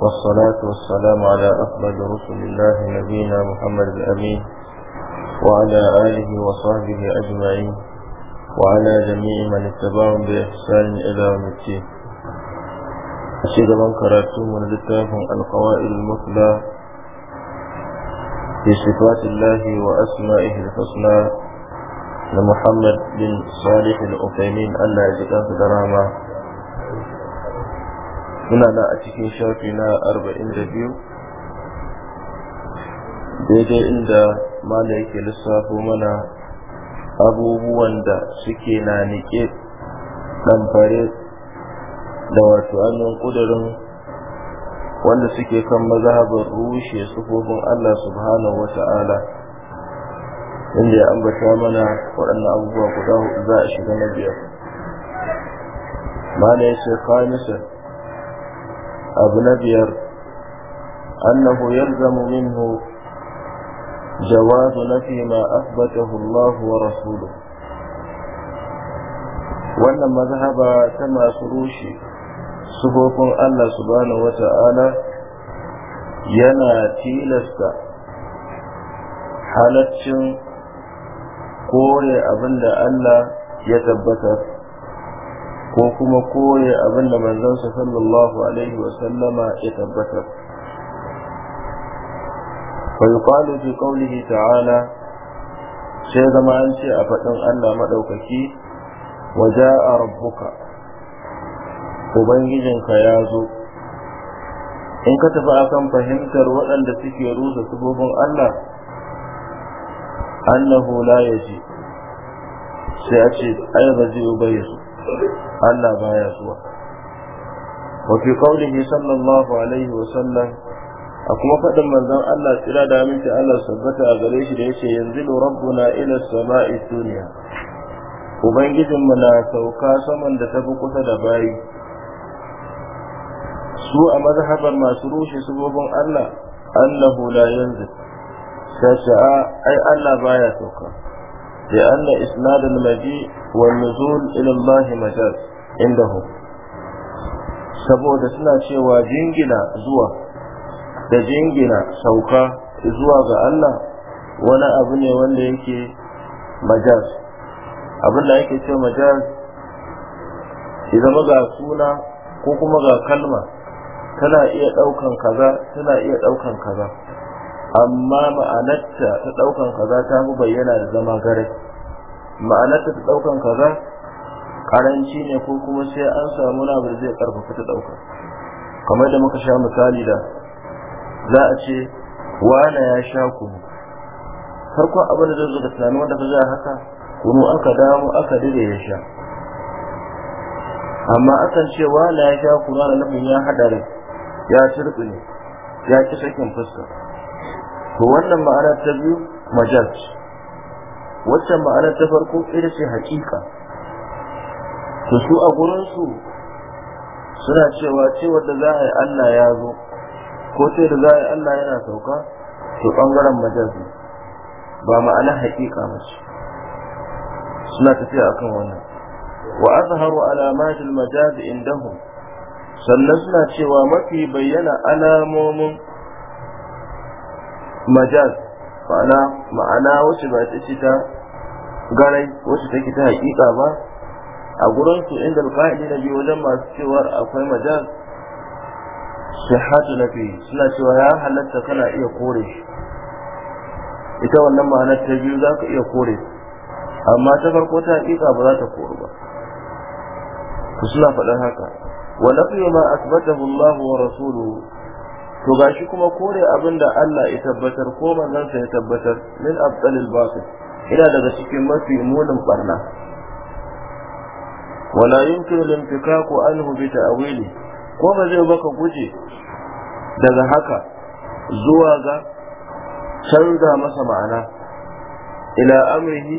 والصلاة والسلام على أفضل رسل الله نبينا محمد الأمين وعلى آله وصحبه أجمعين وعلى جميع من اتبعهم بإحسان إلى يوم الدين أشهد من كراتهم من لتاهم القوائل المثلى في صفات الله وأسمائه الحسنى لمحمد بن صالح الأقيمين أن يجد أنت درامة muna nan a cikin shafi na arba'in da biyu daidai inda mala yake lissafo mana abubuwan da suke na nike fare da wato annon ƙudurin wanda suke kan mazhabar rushe sufofin Allah subhanahu wa ta'ala inda ya ambata mana waɗannan abubuwa guda hudu za a shiga na biyar mala ya ce kamisar abu na biyar annahu yarzamu minhu jawabu nafi ma asbatahu Allah wa rasuluhu wannan mazhaba ta masu rushe sufofin Allah subhanahu wa ta'ala yana tilasta halaccin kore abin da Allah ya tabbatar ko kuma koya abin da manzansa sallallahu alaihi wa sallama ya tabbatar fa yuqalu fi ta'ala sai zama an ce a faɗin Allah a wa jaa rabbuka ubangijinka ya zo in ka tafi akan fahimtar waɗanda suke rusa subobin Allah annahu la yaji sai a ce ai zai bai su Allah baya zuwa wa fi qawlihi sallallahu alaihi wa sallam a kuma faɗin manzon Allah tsira da aminci Allah sabbata a gare shi da yace yanzilu rabbuna ila sama'i dunya ubangijinmu na sauka saman da tafi kusa da bayi su a mazhabar masu rushe subobin Allah annahu la yanzu Sha-sha'a, ai Allah baya sauka لأن إسناد المجيء والنزول إلى الله مجاز عندهم saboda suna cewa jingina zuwa da jingina sauka zuwa ga Allah wani abu ne wanda yake majaz abin da yake ce majaz ya zama ga suna ko kuma ga kalma tana iya kaza tana iya ɗaukan kaza amma ma'anarta ta daukan kaza ta fi bayyana da zama gare ma'anarta ta daukan kaza karanci ne ko kuma sai an samu na bar zai karfafa ta daukan kamar da muka sha misali da za a ce wala ya sha ku farko abin da zai zo da tunani wanda ba za a haka Kuma aka damu aka dire ya sha amma akan ce wala ya sha ku na nufin ya hada ya turbi ne ya ci sakin fuska to wannan ma'ana ta biyu majaz waccan ma'ana ta farko ita ce hakika to su a gurinsu suna cewa cewar da za a yi Allah ya zo ko ce da za a yi Allah yana sauka to bangaren majaz ba ma'ana hakika ba ce suna tafiya akan wannan wa azharu alamatul majaz indahum sannan suna cewa mafi bayyana alamomin majaz ma'ana ma'ana wacce ba ta ce ta garai wacce take ta hakika ba a gurin su inda alƙa'idi na biyu wajen masu cewar akwai majaz na nafi suna cewa ya halatta kana iya kore shi ita wannan ma'anar ta biyu za ka iya kore amma ta farko ta hakika ba za ta kore ba suna faɗar haka wa ما ma الله ورسوله to gashi kuma kore abin da Allah ya tabbatar ko sa ya tabbatar min afdalil batil ina daga cikin mafi munin barna wala filin linfikaku anhu bi ta'wili ko ba zai baka guje daga haka zuwa ga canza masa ma'ana ila amrihi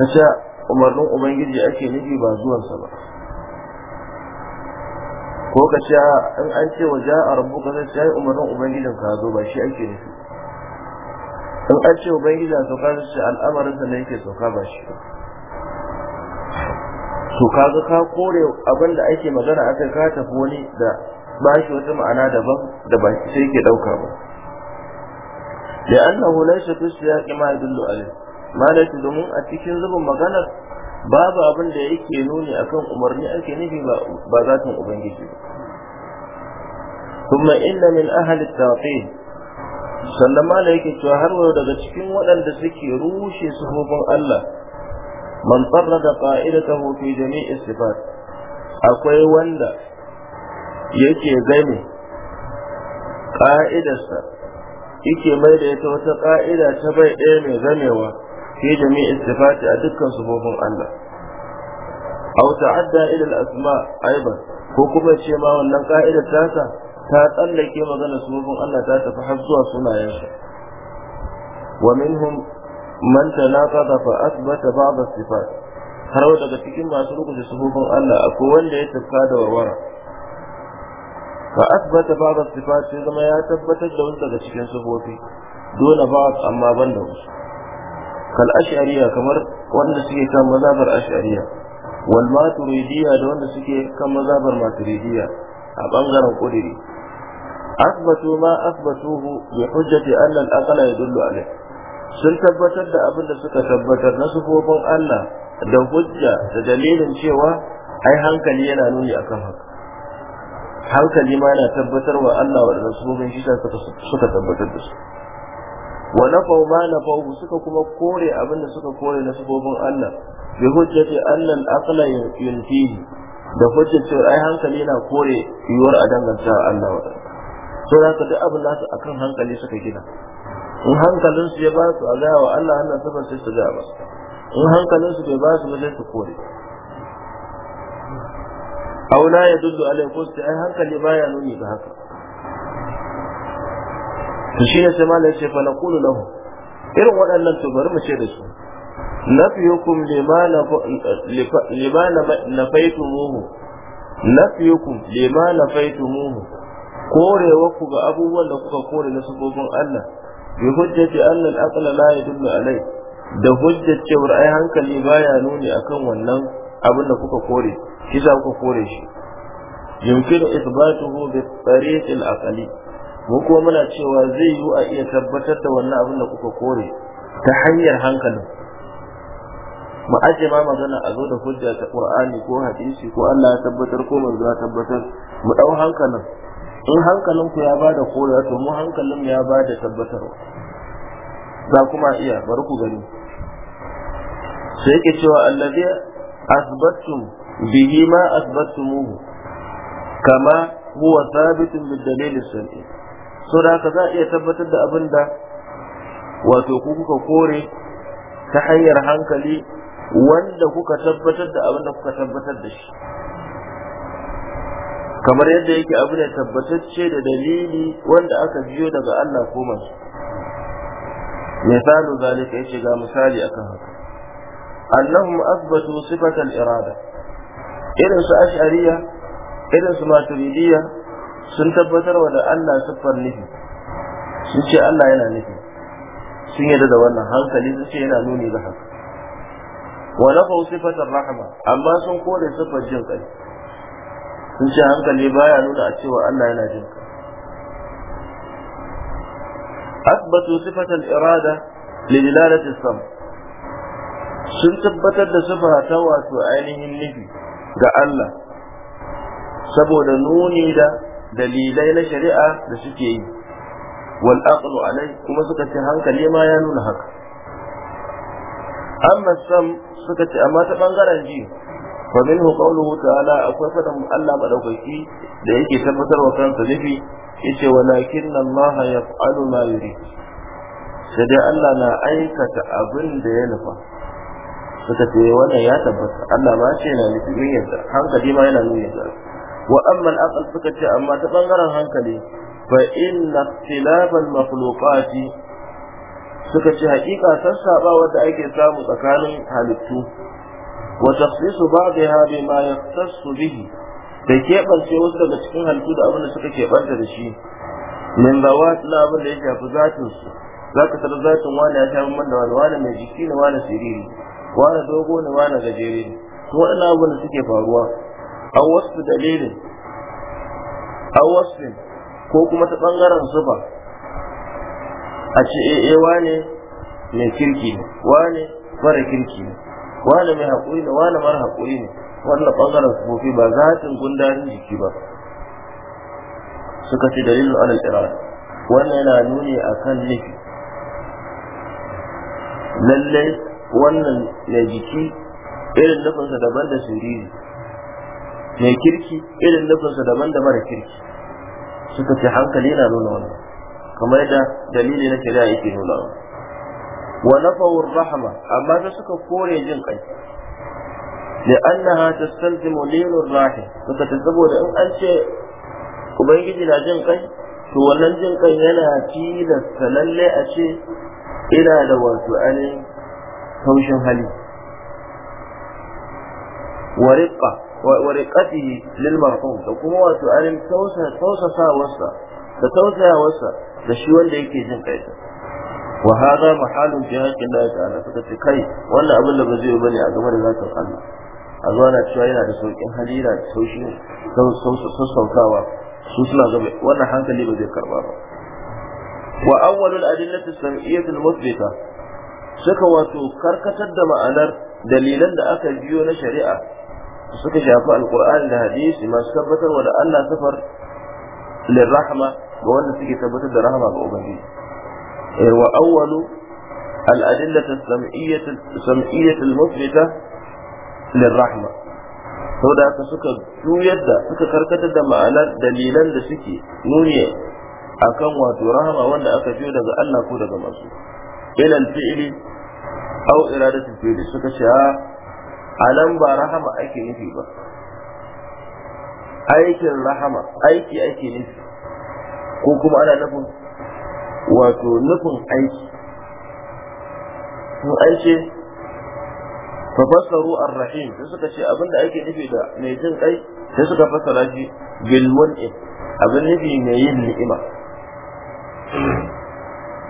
kace umarnin ubangiji ake nufi ba zuwansa ba ko ka ce in an ce wa ja'a ka zai sai umarnin ubangijin ka zo ba shi ake nufi in an ce ubangijin sauka zai ce al'amarin sa ne yake sauka ba shi to ka ga ka kore abin da ake magana akan ka tafi wani da ba shi wata ma'ana daban da ba shi sai ke dauka ba da annahu laysa tusya kama yadullu alayh laysa domin a cikin zubin maganar babu abin da yake nuni akan umarni ake nufi ba zatin ubangiji ba kuma inna min ahli tawqid sannan ma yake cewa har wayo daga cikin waɗanda suke rushe sufofin Allah man farrada qa'idatahu fi jami'i sifat akwai wanda yake gane ka'idarsa yake mai da ita wata ka'ida ta bai ɗaya mai zamewa fi jami'in sifati a dukkan sufofin Allah aw ta'adda ila al-asma aiban ko kuma ce wannan ka'idar tasa ta tsallake magana sufofin Allah ta tafi har zuwa sunayen shi wa minhum man tanaqada fa athbata ba'd as-sifat har daga cikin masu rubuta sufofin Allah akwai wanda ya tafka da warwara fa zama ya tabbatar da wasu daga cikin sufofi dole ba amma ban da kal ash'ariya kamar wanda suke kan mazabar ash'ariya wal maturidiya da wanda suke kan mazabar maturidiya a bangaren kudiri asbatu ma asbatuhu bi hujjati anna al aqla yadullu alayh sun tabbatar da abin da suka tabbatar na sufofin Allah da hujja da dalilin cewa ai hankali yana nuni akan haka hankali ma yana tabbatar wa Allah waɗannan sufofin shi suka tabbatar da su wa nafau ma nafau suka kuma kore abin da suka kore na sabobin Allah bi hujjati annal aqla yunfihi da hujjar cewa ai hankali na kore yuwar a danganta Allah wa so da ka duk abin nasu akan hankali suka gina in hankalin su ya ba su a gaya wa Allah Allah sabar sai su ga ba in hankalin su bai ba su ba sai su kore aula ya duddu alaikum sai ai hankali baya nuni ga haka to shine sai malai ce fa naqulu lahu irin waɗannan to bari mu ce da su nafiyukum lima nafaitumuhu nafiyukum lima muhu, korewa ku ga abubuwan da kuka kore na sabobin Allah bi hujjati anna al-aqla la yadullu alai da hujjar cewar ai hankali baya nuni akan wannan abin da kuka kore shi za kuka kore shi yumkinu ithbatuhu bi tariqil aqli mu kuma muna cewa zai yi a iya tabbatar da wannan abin da kuka kore ta hanyar hankalin mu aje ma magana a zo da hujja ta qur'ani ko hadisi ko Allah ya tabbatar ko manzo ya tabbatar mu dau hankalin in hankalin ku ya bada korewa to mu hankalin mu ya bada tabbatarwa za kuma iya bari ku gani sai ke cewa allazi asbattum bihi ma asbattumuhu kama huwa thabitun bid dalil shar'i so da haka za a iya tabbatar da abin da wato ku kuka kore ta hanyar hankali wanda kuka tabbatar da abin da kuka tabbatar da shi kamar yadda yake abu ne tabbatacce da dalili wanda aka biyo daga Allah ko manzo misalu zalika yace ga misali akan haka annahum athbatu sifat al-irada irin su ash'ariya irin su maturidiyya sun tabbatar wa da Allah siffar nufi sun ce Allah yana nufi sun yarda da wannan hankali sun ce yana nuni ga haka wa nafa sifatar rahama amma sun kore siffar jin kai sun ce hankali baya nuna a cewa Allah yana jin kai أثبتوا صفة الإرادة لدلالة السمع sun tabbatar da sifa ta wasu ainihin nufi ga Allah saboda nuni da dalilai na shari'a da suke yi wal aqlu alai kuma suka ce hankali ma ya nuna haka amma sam suka ce amma ta bangaren ji fa minhu qawluhu ta'ala akwai fadan Allah madaukaki da yake tabbatar wa kansa nufi yace walakinna Allah yaf'alu ma yuri sai dai Allah na aikata abin da ya nufa suka ce wannan ya tabbata Allah ma ce na nufi yadda hankali ma yana nuna yadda wa amma al suka ce amma ta bangaren hankali fa inna ikhtilafal makhluqati suka ce hakika sassabawa da ake samu tsakanin halittu wa tafsisu ba'daha bima yahtassu bihi da keɓance wasu daga cikin halittu da abin da suka keɓanta da shi min zawat na abin da ya shafi zatin su zaka tarar zatin wani ya shafi man da wani wani mai jiki ne wani siriri wani dogo ne wani gajere ne waɗannan abin da suke faruwa aw wasu dalilin aw wasu ko kuma ta bangaren sufa a ce eh, eh wane mai kirki ne wane mara kirki ne wane mai haƙuri ne wane mara haƙuri ne wannan bangaren sufofi ba za ta gundarin jiki ba suka ce dalilin alal irada wannan yana nuni akan nufi lallai wannan na jiki irin nufinsa daban da siriri mai kirki irin nufinsa daban da mara kirki suka ce hankali na nuna wannan kamar da dalili na shari'a yake nuna wa wa nafawur rahama amma sai suka kore jin kai لأنها تستلزم لين الراحم suka ta saboda in an ce ubangiji na jin kai to wannan jin kai yana tilasta lalle a ce ina da wato ainihin taushin hali wa riƙa wa riqatihi lil marhum da kuma wato alim tausa tausa da shi wanda yake jin kaita wa hada mahalun fi haqqi Allah ta'ala suka ce kai wannan abin da ba zai a game da zatin Allah a na cewa yana da saukin hali yana da sauki su suna wannan hankali ba zai karba ba wa awwalul adillati sam'iyyati al-muthbita suka wato karkatar da ma'anar dalilan da aka biyo na shari'a suka shafi alkur'ani da hadisi masu tabbatarwa da Allah safar lirrahma ga wanda suke tabbatar da rahama ga ubangiji eh, wa awwalu الأدلة السمعية السمعية المثبتة للرحمة saboda haka suka juyar da suka karkatar da ma'anar dalilan da suke nuni akan wato rahama wanda aka biyo daga Allah ko daga masu ilal fi'li aw iradatul fi'li suka sha. a nan ba rahama ake nufi ba aikin rahama aiki ake nufi ko kuma ana nufin wato nufin aiki sun aiki fa fassaru ar-rahim sai suka ce abinda ake nufi da mai jin kai sai suka fassara shi bil mun'im abin nufi mai yin ni'ima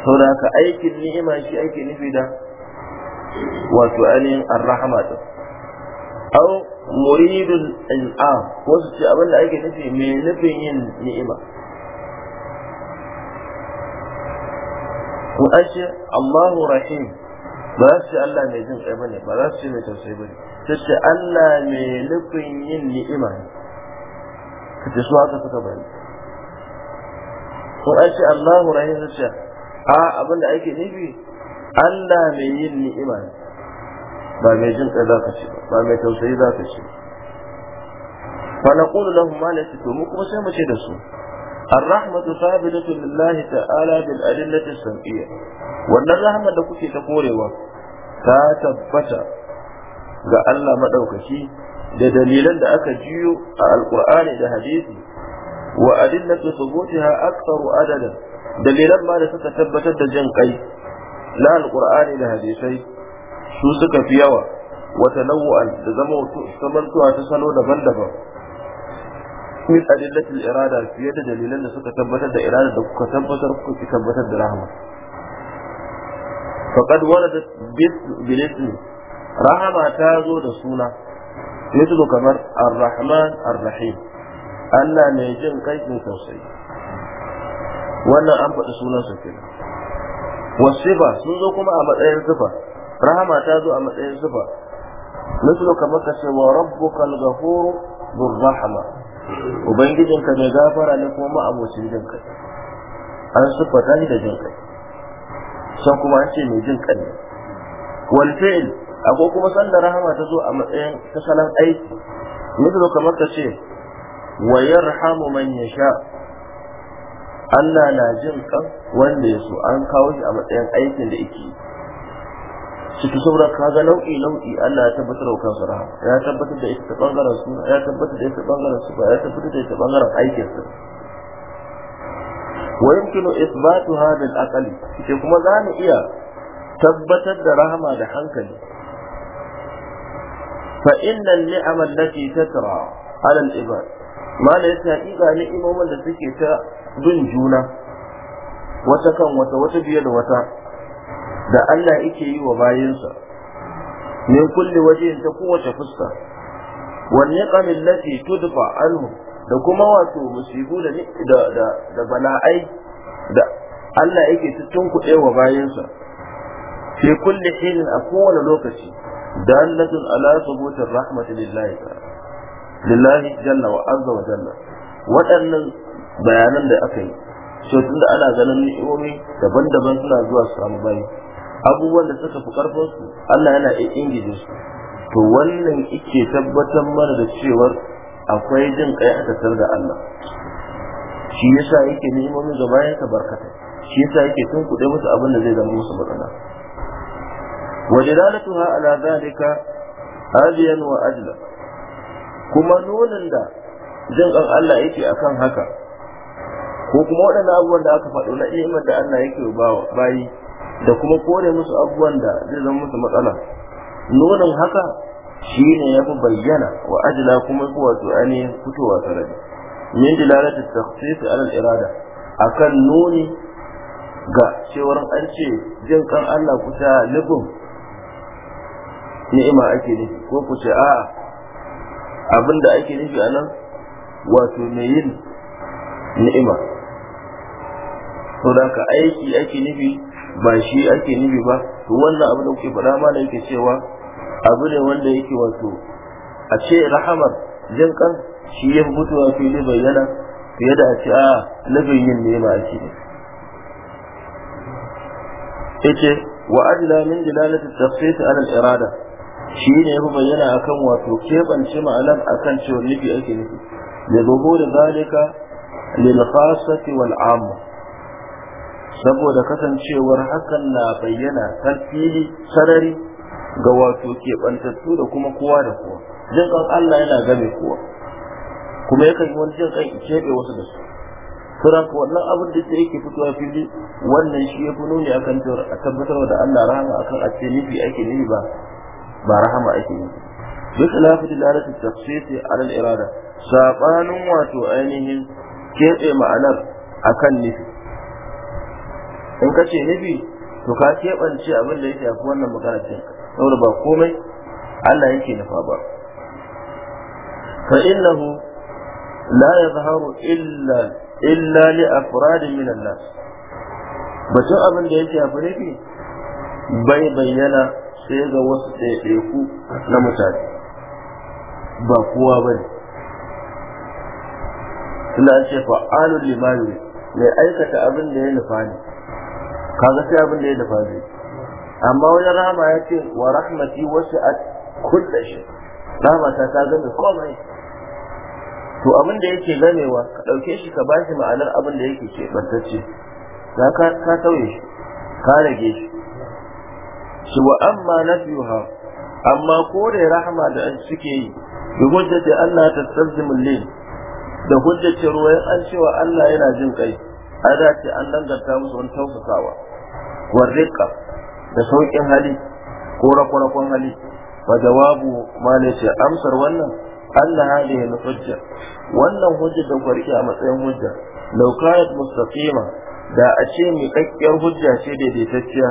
saboda haka aikin ni'ima shi ake nufi da wato ainihin ar-rahama din aw muridul in'am wasu ce abin da ake nufi mai nufin yin ni'ima ko ashe Allahu rahim ba za su ce Allah mai jin tsaye bane ba za su ce mai tausayi bane sai ce Allah mai nufin yin ni'ima ne kace su haka suka bani ko ashe Allahu rahim sai ce a abin da ake nufi Allah mai yin ni'ima ne ba mai jin kai za ka ce ba mai tausayi za ka ce fa naqulu lahum ma lati to mu kuma sai mu ce da su Al-Rahmatu الرحمة ثابتة لله تعالى بالأدلة السمعية Wannan الرحمة da kuke ta korewa. tabbata ga Allah maɗaukaki da dalilan da aka jiyo a alkur'ani da hadisi wa adillatu thubutiha aktsaru adada dalilan ma da suka tabbatar da jin kai na alkur'ani da hadisai su suka fi yawa wata nau'an da zama samantuwa ta salo daban-daban min adillatil irada fiye da dalilan da suka tabbatar da irada da kuka tabbatar kuka ki tabbatar da rahama faqad waradat bilismi rahama ta zo da suna zo kamar ar-rahman ar-rahim Allah mai jin kai mai tausayi wannan an faɗi sunansa kenan wasifa sun zo kuma a matsayin sifa rahama ta zo a matsayin zufa mislu kamar ka ce wa rabbukal ghafuru dhur rahama ubangijinka mai gafara ne kuma ma'abocin jin kai an siffa shi da jin kai san kuma an ce mai jin kai wal fi'l akwai kuma sanda rahama ta zo a matsayin ta aiki mislu kamar ka ce wa yarhamu man yasha Allah na jin kan wanda ya so an kawo shi a matsayin aikin da yake yi ciki saboda kaga nau'i nau'i Allah ya tabbatar da kansa rahama ya tabbatar da ita bangaren suna ya tabbatar da ita bangaren su ba, ya tabbatar da ita bangaren aikin su wa yumkinu Isbatu hadha al-aqli ce kuma za mu iya tabbatar da rahama da hankali fa inna al-ni'ama allati tatra ala al-ibad mala yace hakika ni'imomin da suke ta bin juna wata kan wata wata biye da wata da Allah yake yi wa bayinsa min kulli waje ta kowace fuska wan niqam allati tudfa anhu da kuma wato musibu da da da bala'ai da Allah yake tutun kuɗe wa bayinsa fi kulli hin a kowane lokaci dalatun ala subutir rahmati lillahi lillahi jalla wa azza wa waɗannan bayanan da aka yi so tunda ana ganin ni'imomi daban-daban suna zuwa su samu bayi abubuwan da suka fi karfin su Allah yana iya ingije su to wannan ike tabbatar mana da cewar akwai jin kai a tattar da Allah shi yasa yake neman ga bayan ka barkata shi yasa yake tun kuɗe musu abin da zai zama musu matsala wajalalatuha ala zalika aziyan wa ajla kuma nonin da jin kan Allah yake akan haka ko kuma waɗannan abubuwan da aka faɗo na imar da Allah yake bayi da kuma kore musu abubuwan da zai zama musu matsala nonon haka shi ne ya fi bayyana wa ajila kuma su ainihin fitowa sanadi min dilalati takhsis alal irada akan nuni ga cewar an ce jin kan Allah kusa nufin ni'ima ake nufi ko ku ce a abin da ake nufi a nan wato mai yin ni'ima to da ka aiki ake nufi ba shi ake nufi ba to wannan abu da kuke faɗa ma da yake cewa abu ne wanda yake wato a ce rahamar jin kan shi ya mutuwa fili bayyana fiye da a ce a ah, nufin yin nema ake ce yake wa adla min dilalati tafsir ala al-irada shi ne ya bayyana akan wato kebance ma'anar akan cewa nufi ake nufi da zuhuri zalika lil khassati wal amma saboda kasancewar hakan na bayyana sarfili sarari ga wato keɓantattu da kuma kowa da kowa jin kan Allah yana game kowa kuma yakan yi wani jin kan keɓe wasu da su sura ko wannan abin da ta yake fitowa fili wannan shi ya fi nuni akan cewar a tabbatar da Allah rahama akan a ce nufi ake nufi ba ba rahama ake nufi bi khilafi dalalati tafsiri ala al-irada sabanin wato ainihin keɓe ma'anar akan nufi in ka ce nufi to ka keɓance abin da ya shafi wannan ce saboda ba komai Allah yake nufa ba fa innahu la yadhharu illa illa li afradin min an-nas batun abin da ya shafi nufi bai bayyana sai ga wasu ɗaiɗaiku na mutane ba kowa ba ne Allah ce fa'alun limani mai aikata abin da ya nufa ne kaga sai abin da ya dafa zai amma wajen rahama ya ce wa rahmati wasu a kulle shi rahama ta ta game komai to abin da yake gamewa ka ɗauke shi ka ba shi ma'anar abin da yake ce za ka tauye shi ka rage shi shi wa amma na ha amma kore rahama da an suke yi bi da Allah ta tsarzimul lil da hujjati ruwayan an cewa Allah yana jin kai an ce an danganta musu wani tausasawa warriqa da sauƙin hali ko rakon hali fa jawabu ma ne ce amsar wannan Allah hali ya hujja wannan hujja da kwarki a matsayin hujja law kanat mustaqima da a ce mai kakkiyar hujja ce daidaitacciya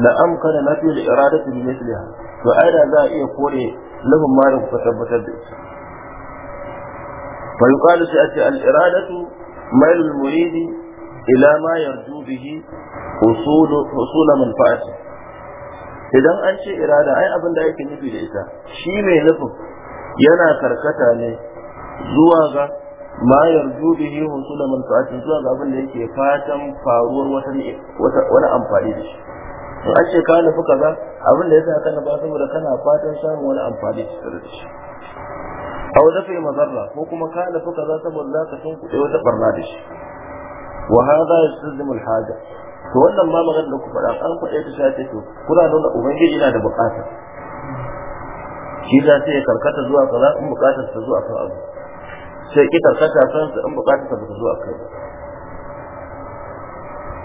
la amkana nafi da iradatu bi misliha to ai da za a iya kore lahum ma da ku tabbatar da ita fa yuqalu sai al iradatu mailul muridi ila ma yarju bihi husula manfa'ati idan an ce irada ai abin da yake nufi da ita shi mai nufin yana karkata ne zuwa ga ma yarju bihi husula manfa'ati zuwa ga abin da yake fatan faruwar wata wani amfani da shi to an ce ka nufi kaza abin da yasa ka ba saboda kana fatan samun wani amfani da shi aw dafa mazarra ko kuma ka nufi kaza saboda zaka tunkuɗe wata barna da shi wa hadha yastalzimu al-haja to wannan ma magana da ku faɗa an faɗa ta ce to kuna nuna ubangiji na da bukata shi za sai karkata zuwa kaza in bukatar ta zuwa kan abu sai ki karkata kan sa in bukatar ta zuwa kai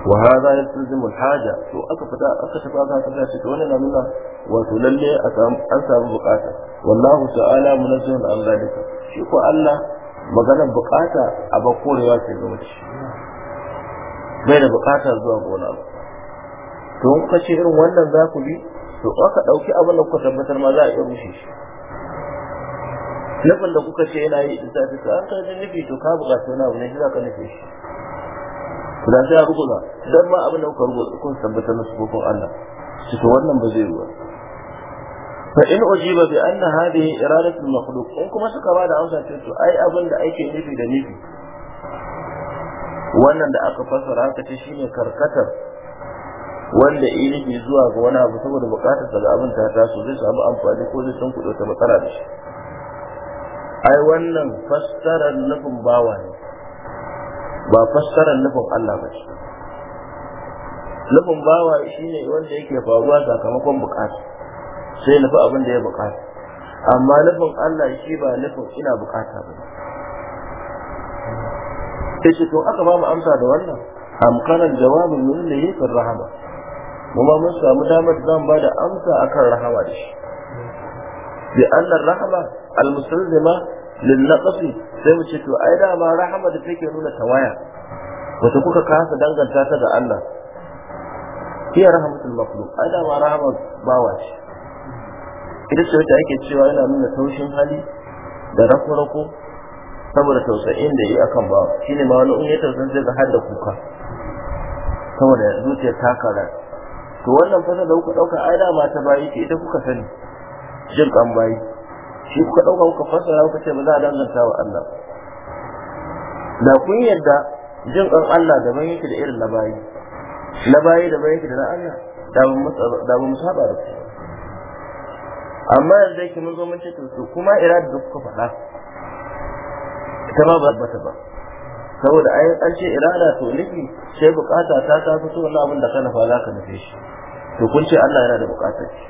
wa hadha yastalzimu al-haja to aka fita aka tafi aka tafi ce to wannan na nuna wato lalle an samu bukata wallahu ta'ala munazzahun an zalika shi ko Allah maganar bukata a bakorewa ce ga mutum bai da bukata zuwa gona ba to in kuka ce irin wannan za ku bi to aka ɗauki abin da kuka tabbatar ma za a iya rushe shi nufin da kuka ce yana yi isa ta an ka ji nufi to ka bukata wani abu ne shi za ka nufe shi ku da sai a rubuta dan ma abin da kuka rubuta kun tabbatar na ko Allah shi to wannan ba zai ruwa fa in ujiba bi anna hadhihi iradatu al-makhluq in kuma suka ba da amsa to ai abin da ake nufi da nufi wannan da aka fassara aka ce shine karkatar wanda ke zuwa ga wani abu saboda bukatar sa ga abin ta taso zai samu amfani ko zai san kudo ta matsala da shi ai wannan fassarar nufin bawa ne ba fassarar nufin Allah ba shi nufin bawa shine wanda yake faruwa sakamakon bukata sai nufi abin da ya bukata amma nufin Allah shi ba nufin ina bukata ba ne sai ce to aka ba mu amsa da wannan amkanan jawabin min ne yakin rahama mu mun samu damar da zan ba da amsa akan rahama da shi bi annar rahama almusallima lil naqsi sai mu ce to ai da ma rahama da take nuna tawaya wata kuka kasa danganta ta ga Allah hiya rahmatul maqlub ai da ma rahama bawa ce ita ce wata ake cewa yana nuna taushin hali da rako-rako saboda tausayin da yi akan ba ne ma wani in ya tausayin zai ga har da kuka saboda zuciya ta kara to wannan fasa da kuka dauka ai dama ta bayi ke ita kuka sani jin kan bayi shi kuka dauka kuka fasara kuka ce ba za a danganta wa Allah da kun yarda jin kan Allah daban yake da irin na bayi na bayi daban yake da na Allah da ba mu saba da ku amma yanzu yake mun zo mun ce to kuma irada da kuka faɗa ita ma ba ta ba saboda ai an ce irada to nufi sai bukata ta ta fito wannan abin da ka nufa za ka nufe shi to kun ce Allah yana da bukatar shi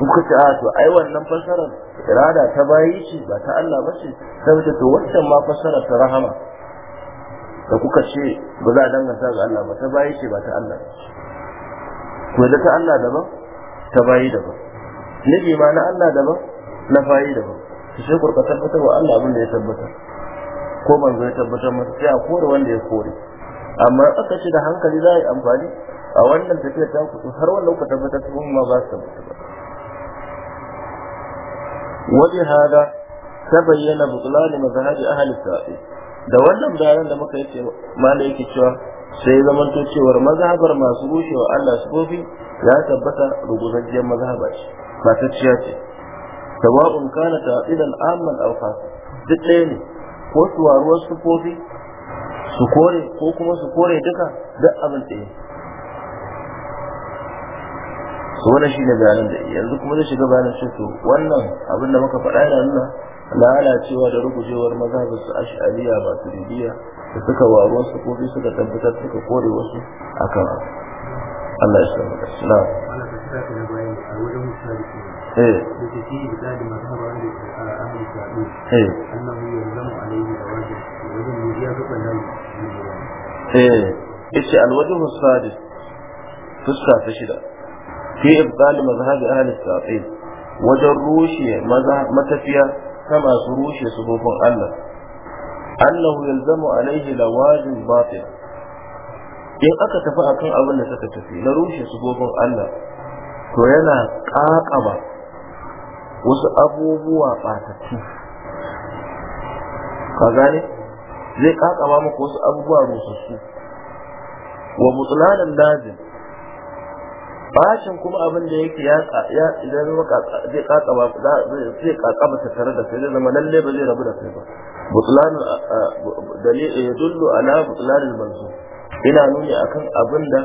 kuka ce a ah, to ai wannan fassarar irada ta bayi ce ba ta Allah ba ce saboda to wancan ma fassarar ta rahama da kuka ce ba za a danganta ga Allah ba ta bayi ce ba ta Allah ba to da ta Allah daban ta bayi daban nabi ma na Allah daban na bayi daban su sai kurka tabbatar wa Allah abin da ya tabbatar ko manzo ya tabbatar masa sai a kore wanda ya kore amma aka ce da hankali za a yi amfani a wannan tafiyar ta kusa har wanda kuka tabbatar su ma ba su tabbatar wajen hada ta bayyana butulani a halin sa'adu da wannan bayan da muka yi mala yake cewa sai zamanto cewar mazhabar masu rushewa Allah su gofi ya tabbata rugujajjen mazhaba ce fatacciya ce sawa'un kana ta'idan amman aw fasid duk ɗaya ne ko su waruwar sufofi su kore ko kuma su kore duka duk abin ɗaya su wannan shine bayanan da yanzu kuma zai shiga bayanan shi to wannan abin da muka faɗa yana nuna lalacewa da rugujewar mazhabin su ash'ariya ba turidiya da suka waruwar sufofi suka tabbatar suka kore wasu yace alwajhu sadis fuska ta shida fi ibdal mazhab ahli tafsir wajen rushe matafiya ta masu rushe sufofin Allah annahu yalzamu alaihi lawazim batil in aka tafi akan abin da suka tafi na rushe sufofin Allah to yana ƙaƙaba wasu abubuwa ɓatattu ka gane zai kakaba maka wasu abubuwa rusassu wa mutsulanin lazim bashin kuma abin da yake ya idan zai kakaba zai kakaba ta tare da kai zai zama lalle ba zai rabu da kai ba mutsulanin dalilin ya dullu ala mutsulanin banzu. ina nuni akan abin da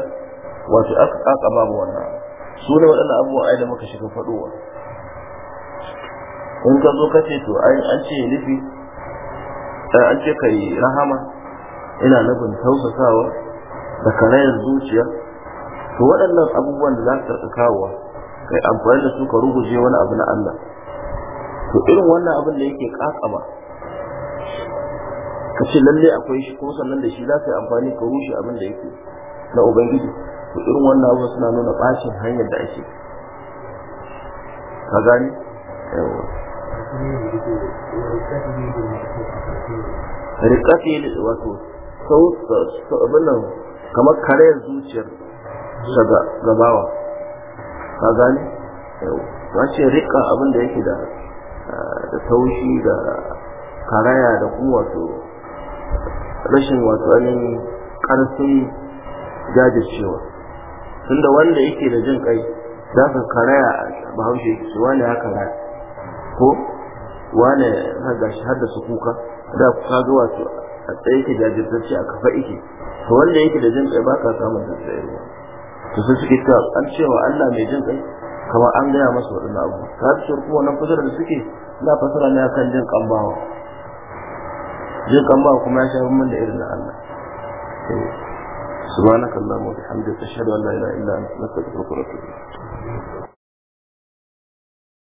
wato aka kakaba ba wannan su ne waɗannan abubuwa ai da muka shiga faɗowa in ka zo kace to ai an ce nufi an ce kai rahama ina nufin tausasawa da karayar zuciya to waɗannan abubuwan da za su karɓi kawowa kai amfani da su ka ruguje wani abu na Allah to irin wannan abin da yake kakaba ka ce lalle akwai shi ko sannan da shi za ka yi amfani ka rushe abin da yake na ubangiji to irin wannan abu suna nuna bashin hanyar da ake ka gani yawa rikafi wato sau abinan kamar karayar zuciyar gabawa ka gani ba ce rika abin da yake eh, da taushi da karaya da kuma wato rashin wato ainihin karfin jajircewa tunda wanda yake da jin kai za ka karaya a haushe su wani ya karaya ko wane har gashi har da kuka da ku ka ga a tsaye ke jajirtacce a kafa ike to wanda yake da jin kai baka samun da tsaye to sai suke ta an cewa Allah mai jin kai kama an gaya masa waɗannan abu ta ce ku wannan fasara da suke na fasara ne akan jin kambawa jin kambawa kuma ya shafi mun da irin na Allah سبحانك اللهم وبحمدك اشهد ان لا اله الا انت نستغفرك ونتوب اليك